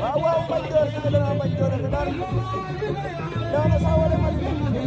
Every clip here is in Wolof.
waaw waaw bañ door dina dana bañ door dana daan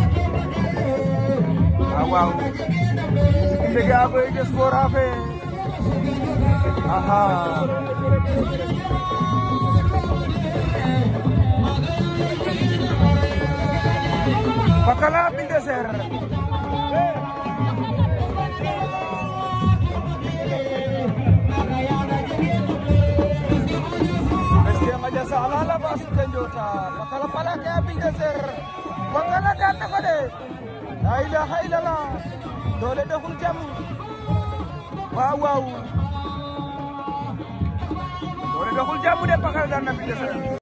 Ah, waaw waaw ndege a koy des fora fe aha Pakala Bulldozer Pakala Bulldozer Pakala daan na ko de la ilaha illallah doole doxul jàmm waaw waaw doole doxul jàmm de Pakala daan na